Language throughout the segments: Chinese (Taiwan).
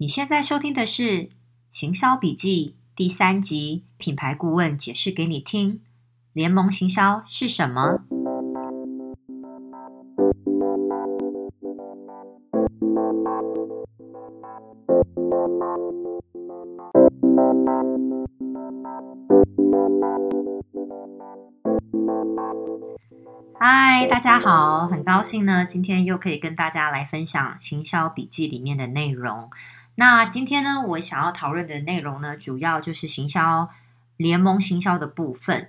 你現在收聽的是《行銷筆記》第三集，品牌顧問解釋給你聽：聯盟行銷是什麼？嗨，大家好，很高興呢，今天又可以跟大家來分享《行銷筆記》裡面的內容。那今天呢，我想要討論的內容呢，主要就是行銷聯盟行銷的部分。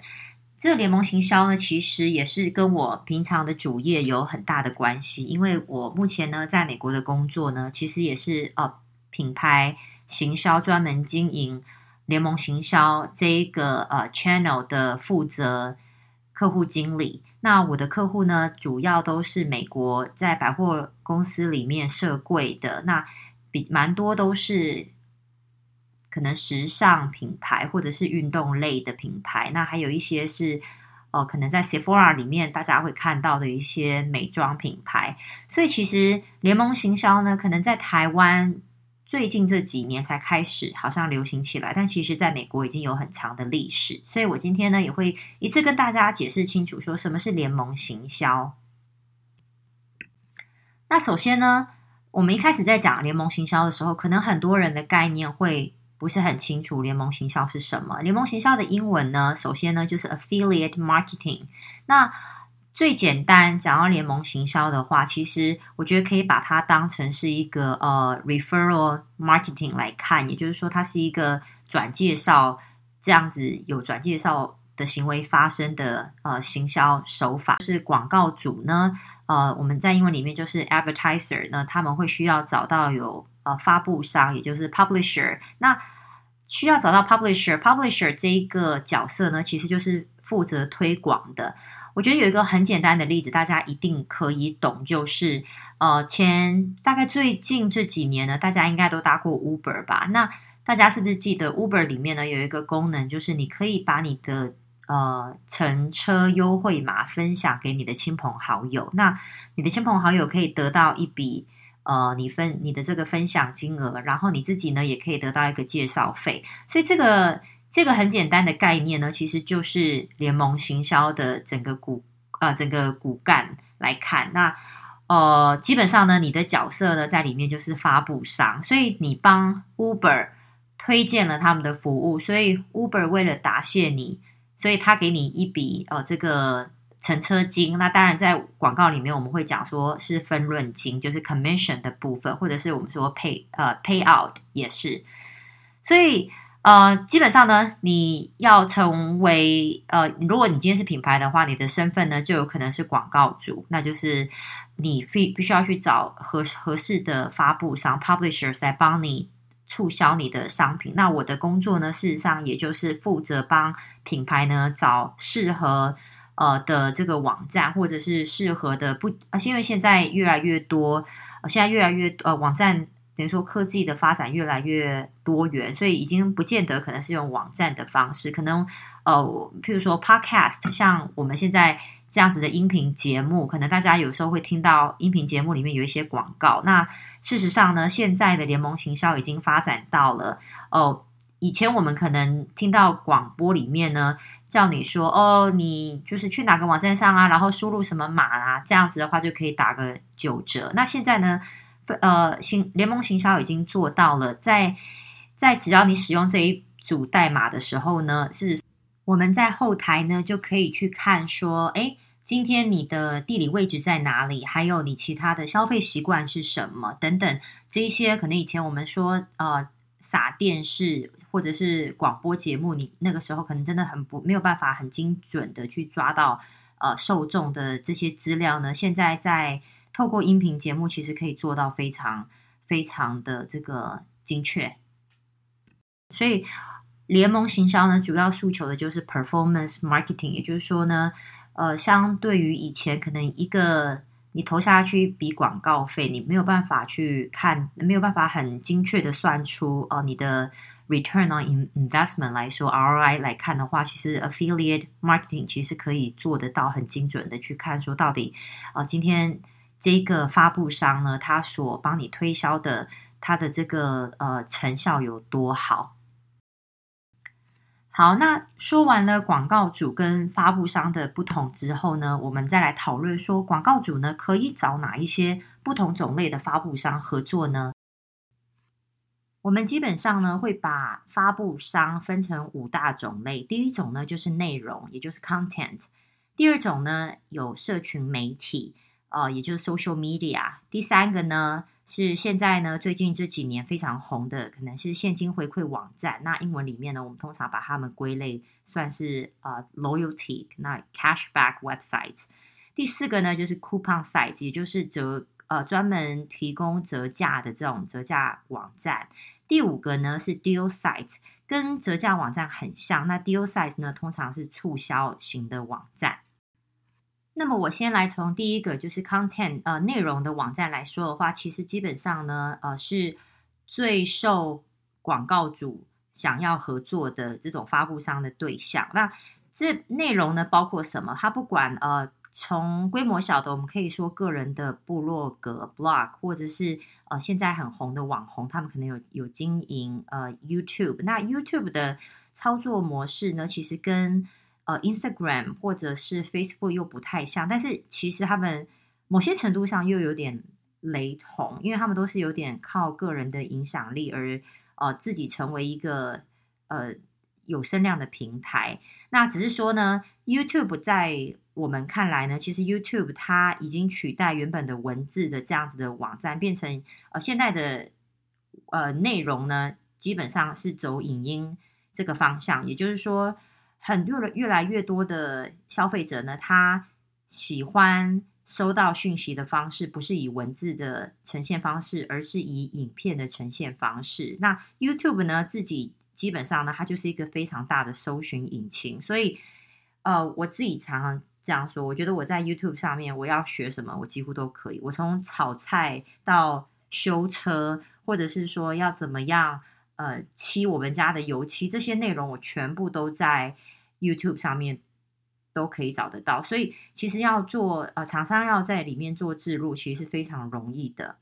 這個、聯盟行銷呢，其實也是跟我平常的主業有很大的關係，因為我目前呢在美國的工作呢，其實也是呃、uh, 品牌行銷，專門經營聯盟行銷這個呃、uh, channel 的負責客戶經理。那我的客戶呢，主要都是美國在百貨公司裡面設櫃的那。比蠻多都是可能時尚品牌或者是運動類的品牌，那還有一些是哦、呃，可能在 Sephora 裡面大家會看到的一些美妝品牌。所以其實聯盟行銷呢，可能在台灣最近這幾年才開始好像流行起來，但其實在美國已經有很長的歷史。所以我今天呢也會一次跟大家解釋清楚，說什麼是聯盟行銷。那首先呢？我們一開始在講聯盟行銷的時候，可能很多人的概念會不是很清楚聯盟行銷是什麼。聯盟行銷的英文呢，首先呢就是 affiliate marketing。那最簡單講到聯盟行銷的話，其實我覺得可以把它當成是一個呃 referral marketing 來看，也就是說它是一個轉介紹這樣子，有轉介紹的行為發生的呃行銷手法，就是廣告主呢。呃，我們在英文裡面就是 advertiser，那他們會需要找到有呃發布商，也就是 publisher。那需要找到 publisher，publisher publisher 這一個角色呢，其實就是負責推廣的。我覺得有一個很簡單的例子，大家一定可以懂，就是呃，前大概最近這幾年呢，大家應該都搭過 Uber 吧？那大家是不是記得 Uber 裡面呢有一個功能，就是你可以把你的呃，乘車優惠碼分享給你的親朋好友，那你的親朋好友可以得到一筆呃，你分你的這個分享金額，然後你自己呢也可以得到一個介紹費。所以這個這個很簡單的概念呢，其實就是聯盟行銷的整個骨呃整個骨幹來看，那呃基本上呢，你的角色呢在裡面就是發布商，所以你幫 Uber 推薦了他們的服務，所以 Uber 為了答謝你，所以他給你一筆呃這個乘車金，那當然在廣告裡面我們會講說是分潤金，就是 commission 的部分，或者是我們說 pay 呃 payout 也是。所以呃基本上呢，你要成為呃，如果你今天是品牌的話，你的身份呢就有可能是廣告主，那就是你必必須要去找合合適的發佈商 publishers 來幫你。促銷你的商品，那我的工作呢，事實上，也就是負責幫品牌呢找適合呃的這個網站，或者是適合的不啊、呃，因為現在越來越多，呃、現在越來越呃，網站等於說科技的發展越來越多元，所以已經不見得可能是用網站的方式，可能呃，譬如說 podcast，像我們現在。這樣子的音頻節目，可能大家有時候會聽到音頻節目裡面有一些廣告。那事實上呢，現在的聯盟行銷已經發展到了哦，以前我們可能聽到廣播裡面呢，叫你說哦，你就是去哪個網站上啊，然後輸入什麼碼啊，這樣子的話就可以打個九折。那現在呢，呃，行，聯盟行銷已經做到了，在在只要你使用這一組代碼的時候呢，是。我們在後台呢，就可以去看說，哎，今天你的地理位置在哪裡？還有你其他的消費習慣是什麼？等等，這些可能以前我們說呃，撒電視或者是廣播節目，你那個時候可能真的很不沒有辦法很精準的去抓到呃受眾的這些資料呢。現在在透過音頻節目，其實可以做到非常非常的這個精確。所以，聯盟行銷呢，主要訴求的就是 performance marketing，也就是說呢，呃，相對於以前可能一個你投下去一筆廣告費，你沒有辦法去看，沒有辦法很精確的算出呃你的 return on investment 來說 ROI 來看的話，其實 affiliate marketing 其實可以做得到很精準的去看，說到底呃今天這個發布商呢，他所幫你推銷的，他的這個呃成效有多好。好，那說完了廣告主跟發佈商的不同之後呢，我們再來討論說，廣告主呢可以找哪一些不同種類的發佈商合作呢？我們基本上呢會把發佈商分成五大種類，第一種呢就是內容，也就是 content；第二種呢有社群媒體，啊、呃，也就是 social media；第三個呢。是現在呢，最近這幾年非常紅的，可能是現金回饋網站。那英文裡面呢，我們通常把它們歸類算是呃、uh, loyalty。那 cashback websites。第四個呢，就是 coupon sites，也就是折呃專門提供折價的這種折價網站。第五個呢，是 deal sites，跟折價網站很像。那 deal sites 呢，通常是促銷型的網站。那麼我先來從第一個就是 content 呃，內容的網站來說的話，其實基本上呢，呃，是最受廣告主想要合作的這種發佈商的對象。那這內容呢包括什麼？它不管呃，從規模小的，我們可以說個人的部落格 blog，或者是呃，現在很紅的網紅，他們可能有有經營呃 YouTube。那 YouTube 的操作模式呢，其實跟呃，Instagram 或者是 Facebook 又不太像，但是其實他們某些程度上又有點雷同，因為他們都是有點靠個人的影響力而呃自己成為一個呃有聲量的平台。那只是說呢，YouTube 在我們看來呢，其實 YouTube 它已經取代原本的文字的這樣子的網站，變成呃現在的呃內容呢，基本上是走影音這個方向，也就是說。很多的，越來越多的消費者呢，他喜歡收到訊息的方式不是以文字的呈現方式，而是以影片的呈現方式。那 YouTube 呢，自己基本上呢，它就是一個非常大的搜尋引擎，所以呃，我自己常常這樣說，我覺得我在 YouTube 上面，我要學什麼，我幾乎都可以。我從炒菜到修車，或者是說要怎麼樣。呃，漆我們家的油漆這些內容，我全部都在 YouTube 上面都可以找得到。所以其實要做呃，廠商要在裡面做置入，其實是非常容易的。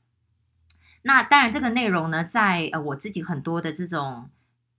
那當然，這個內容呢，在呃我自己很多的這種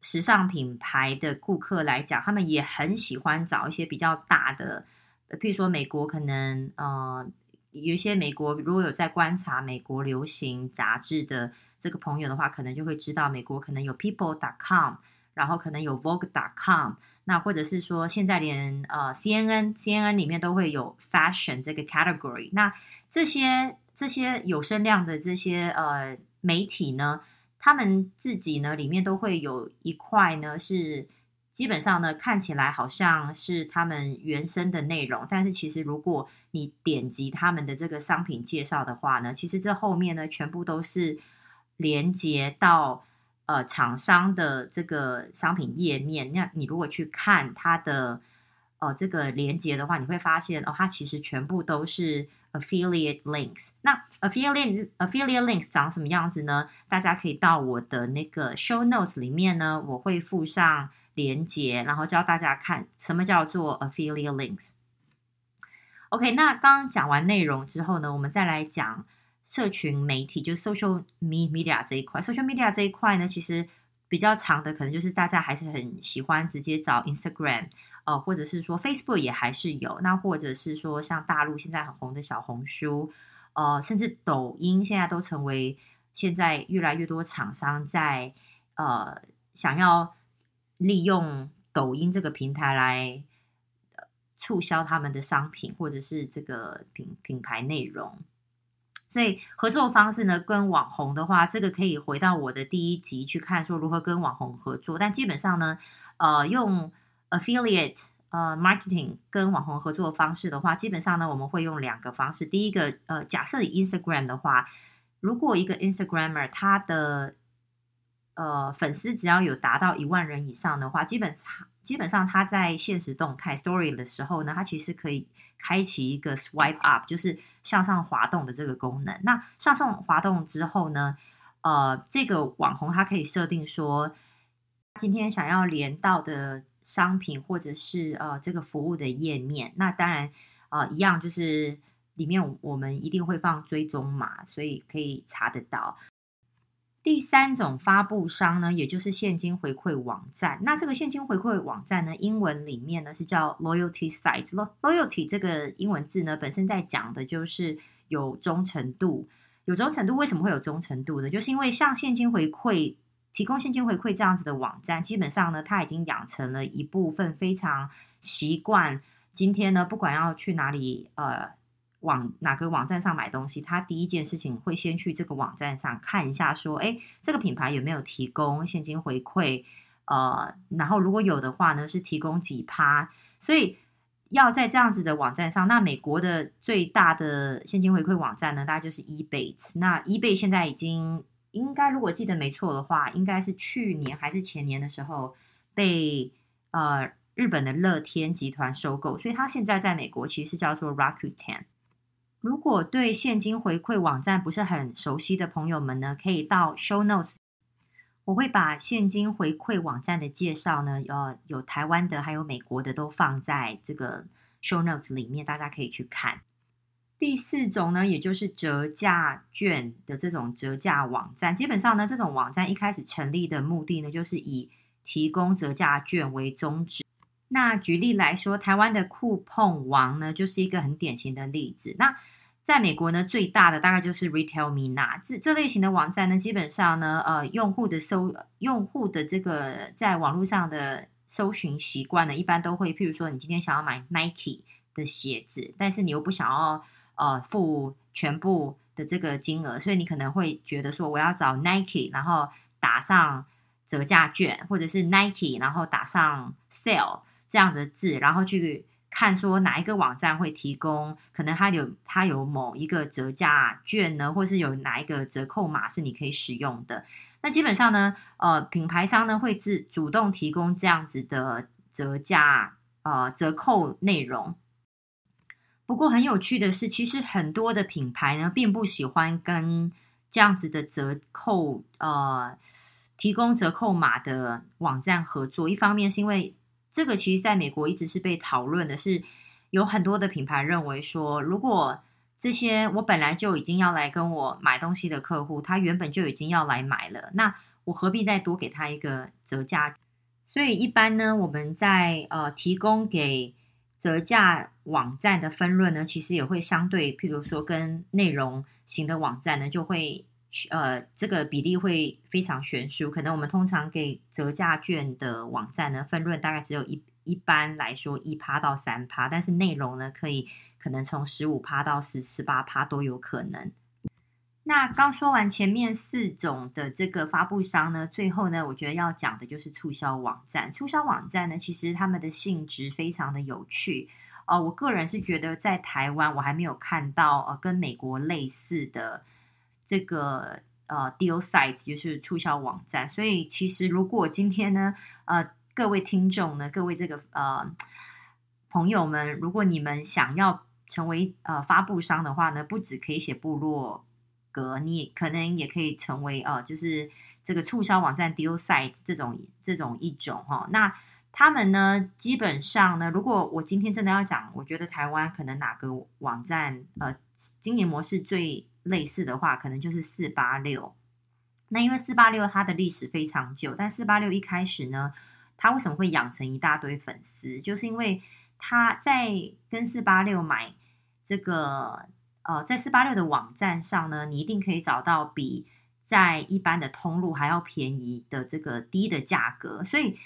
時尚品牌的顧客來講，他們也很喜歡找一些比較大的，譬如說美國可能呃有一些美國，如果有在觀察美國流行雜誌的。這個朋友的話，可能就會知道美國可能有 People.com，然後可能有 Vogue.com，那或者是說現在連呃 CNN，CNN CNN 裡面都會有 Fashion 這個 category。那這些這些有聲量的這些呃媒體呢，他們自己呢裡面都會有一塊呢是基本上呢看起來好像是他們原生的內容，但是其實如果你點擊他們的這個商品介紹的話呢，其實這後面呢全部都是。連接到呃廠商的這個商品頁面，那你如果去看它的呃這個連接的話，你會發現哦它其實全部都是 affiliate links。那 affiliate affiliate links 長什麼樣子呢？大家可以到我的那個 show notes 裡面呢，我會附上連接，然後教大家看什麼叫做 affiliate links。OK，那剛剛講完內容之後呢，我們再來講。社群媒體就是 social media 這一塊，social media 這一塊呢，其實比較長的可能就是大家還是很喜歡直接找 Instagram，呃，或者是說 Facebook 也還是有，那或者是說像大陸現在很紅的小紅書，呃，甚至抖音現在都成為現在越來越多廠商在呃想要利用抖音這個平台來呃促銷他們的商品，或者是這個品品牌內容。所以合作方式呢，跟網紅的話，這個可以回到我的第一集去看，說如何跟網紅合作。但基本上呢，呃，用 affiliate 呃 marketing 跟網紅合作方式的話，基本上呢，我們會用兩個方式。第一個，呃，假設你 Instagram 的話，如果一個 Instagrammer 他的呃，粉絲只要有達到一萬人以上的話，基本基本上他在限時動態 story 的時候呢，他其實可以開啟一個 swipe up，就是向上滑動的這個功能。那向上,上滑動之後呢，呃，這個網紅他可以設定說今天想要連到的商品或者是呃這個服務的頁面。那當然啊，呃，一樣就是裡面我們一定會放追蹤碼，所以可以查得到。第三種發布商呢，也就是現金回饋網站。那這個現金回饋網站呢，英文裡面呢，是叫 loyalty sites。lo loyalty 這個英文字呢，本身在講的就是有忠誠度。有忠誠度，為什麼會有忠誠度呢？就是因為像現金回饋提供現金回饋這樣子的網站，基本上呢，它已經養成了一部分非常習慣。今天呢，不管要去哪裡，呃。往哪個網站上買東西，他第一件事情會先去這個網站上看一下，說，哎，這個品牌有沒有提供現金回饋？呃，然後如果有的話呢，是提供幾趴？所以要在這樣子的網站上，那美國的最大的現金回饋網站呢，大概就是 e b a s 那 eBay 現在已經應該如果記得沒錯的話，應該是去年還是前年的時候被呃日本的樂天集團收購，所以它現在在美國其實是叫做 Rakuten。如果對現金回饋網站不是很熟悉的朋友們呢，可以到 show notes，我會把現金回饋網站的介紹呢，呃，有台灣的，還有美國的，都放在這個 show notes 裡面，大家可以去看。第四種呢，也就是折價券的這種折價網站，基本上呢，這種網站一開始成立的目的呢，就是以提供折價券為宗旨。那舉例來說，台灣的酷碰王呢，就是一個很典型的例子。那在美國呢，最大的大概就是 RetailMeNot 這這類型的網站呢，基本上呢，呃，用戶的搜用戶的這個在網絡上的搜尋習慣呢，一般都會，譬如說，你今天想要買 Nike 的鞋子，但是你又不想要呃付全部的這個金額，所以你可能會覺得說，我要找 Nike，然後打上折價券，或者是 Nike，然後打上 Sale。這樣的字，然後去看說哪一個網站會提供，可能它有它有某一個折價券呢，或是有哪一個折扣碼是你可以使用的。那基本上呢，呃，品牌商呢會自主動提供這樣子的折價呃折扣內容。不過很有趣的是，其實很多的品牌呢並不喜歡跟這樣子的折扣呃提供折扣碼的網站合作，一方面是因為。這個其實，在美國一直是被討論的是，是有很多的品牌認為說，如果這些我本來就已經要來跟我買東西的客戶，他原本就已經要來買了，那我何必再多給他一個折價？所以一般呢，我們在呃提供給折價網站的分潤呢，其實也會相對，譬如說跟內容型的網站呢，就會。呃，這個比例會非常懸殊。可能我們通常給折價券的網站呢，分潤大概只有一，一般來說一趴到三趴，但是內容呢，可以可能從十五趴到十十八趴都有可能。那剛說完前面四種的這個發布商呢，最後呢，我覺得要講的就是促銷網站。促銷網站呢，其實他們的性質非常的有趣。哦、呃，我個人是覺得在台灣，我還沒有看到呃，跟美國類似的。這個呃，Deal Site 就是促銷網站，所以其實如果今天呢，呃，各位聽眾呢，各位這個呃朋友們，如果你們想要成為呃發佈商的話呢，不只可以寫部落格，你可能也可以成為呃，就是這個促銷網站 Deal Site 這種這種一種哈、哦。那他們呢，基本上呢，如果我今天真的要講，我覺得台灣可能哪個網站呃經營模式最。類似的話，可能就是486。那因為486它的歷史非常久，但486一開始呢，它為什麼會養成一大堆粉絲？就是因為它在跟486買這個呃，在486的網站上呢，你一定可以找到比在一般的通路還要便宜的這個低的價格。所以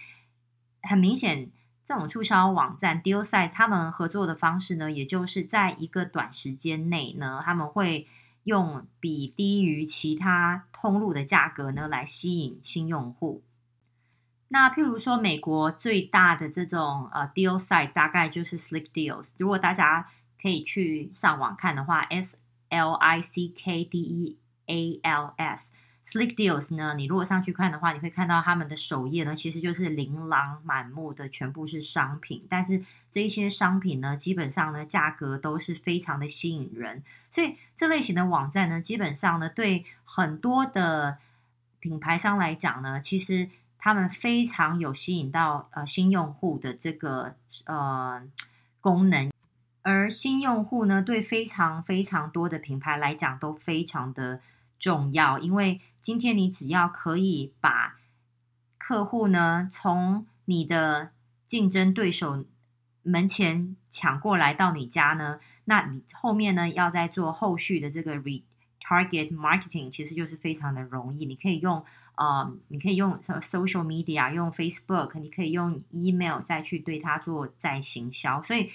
很明顯，這種促銷網站 Deal Site 他們合作的方式呢，也就是在一個短時間內呢，他們會。用比低於其他通路的價格呢，來吸引新用戶。那譬如說，美國最大的這種呃 deal site 大概就是 Slick Deals。如果大家可以去上網看的話，S L I C K D E A L S。Slick Deals 呢，你如果上去看的話，你會看到他們的首頁呢，其實就是琳琅滿目的全部是商品，但是這些商品呢，基本上呢，價格都是非常的吸引人。所以這類型的網站呢，基本上呢，對很多的品牌商來講呢，其實他們非常有吸引到呃新用戶的這個呃功能，而新用戶呢，對非常非常多的品牌來講，都非常的。重要，因為今天你只要可以把客戶呢從你的競爭對手門前搶過來到你家呢，那你後面呢要再做後續的這個 retarget marketing，其實就是非常的容易。你可以用呃，你可以用 social media，用 Facebook，你可以用 email 再去對他做再行銷，所以。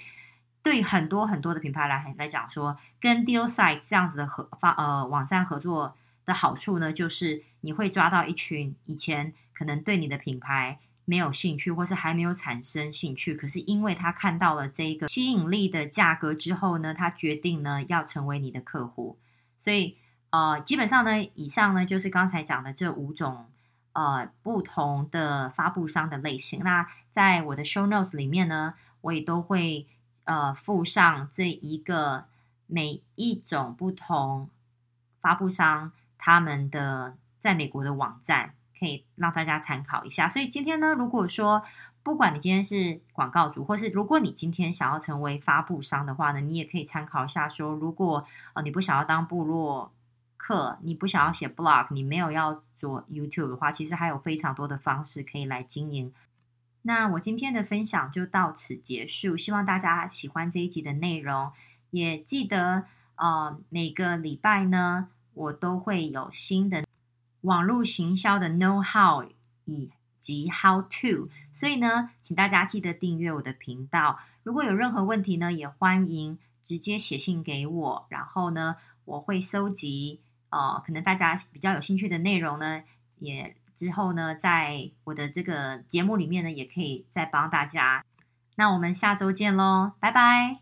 對很多很多的品牌來來講說，說跟 Deal Sites 這樣子的合發呃網站合作的好處呢，就是你會抓到一群以前可能對你的品牌沒有興趣，或是還沒有產生興趣，可是因為他看到了這一個吸引力的價格之後呢，他決定呢要成為你的客戶。所以呃，基本上呢，以上呢就是剛才講的這五種呃不同的發布商的類型。那在我的 show notes 裡面呢，我也都會。呃，附上這一個每一種不同發佈商他們的在美國的網站，可以讓大家參考一下。所以今天呢，如果說不管你今天是廣告主，或是如果你今天想要成為發佈商的話呢，你也可以參考一下說。說如果你不想要當部落客，你不想要寫 blog，你沒有要做 YouTube 的話，其實還有非常多的方式可以來經營。那我今天的分享就到此結束，希望大家喜歡這一集的內容，也記得，呃，每個禮拜呢，我都會有新的網絡行銷的 know how 以及 how to，所以呢，請大家記得訂閱我的頻道。如果有任何問題呢，也歡迎直接寫信給我，然後呢，我會搜集，呃，可能大家比較有興趣的內容呢，也。之後呢，在我的這個節目裡面呢，也可以再幫大家。那我們下周見嘍，拜拜。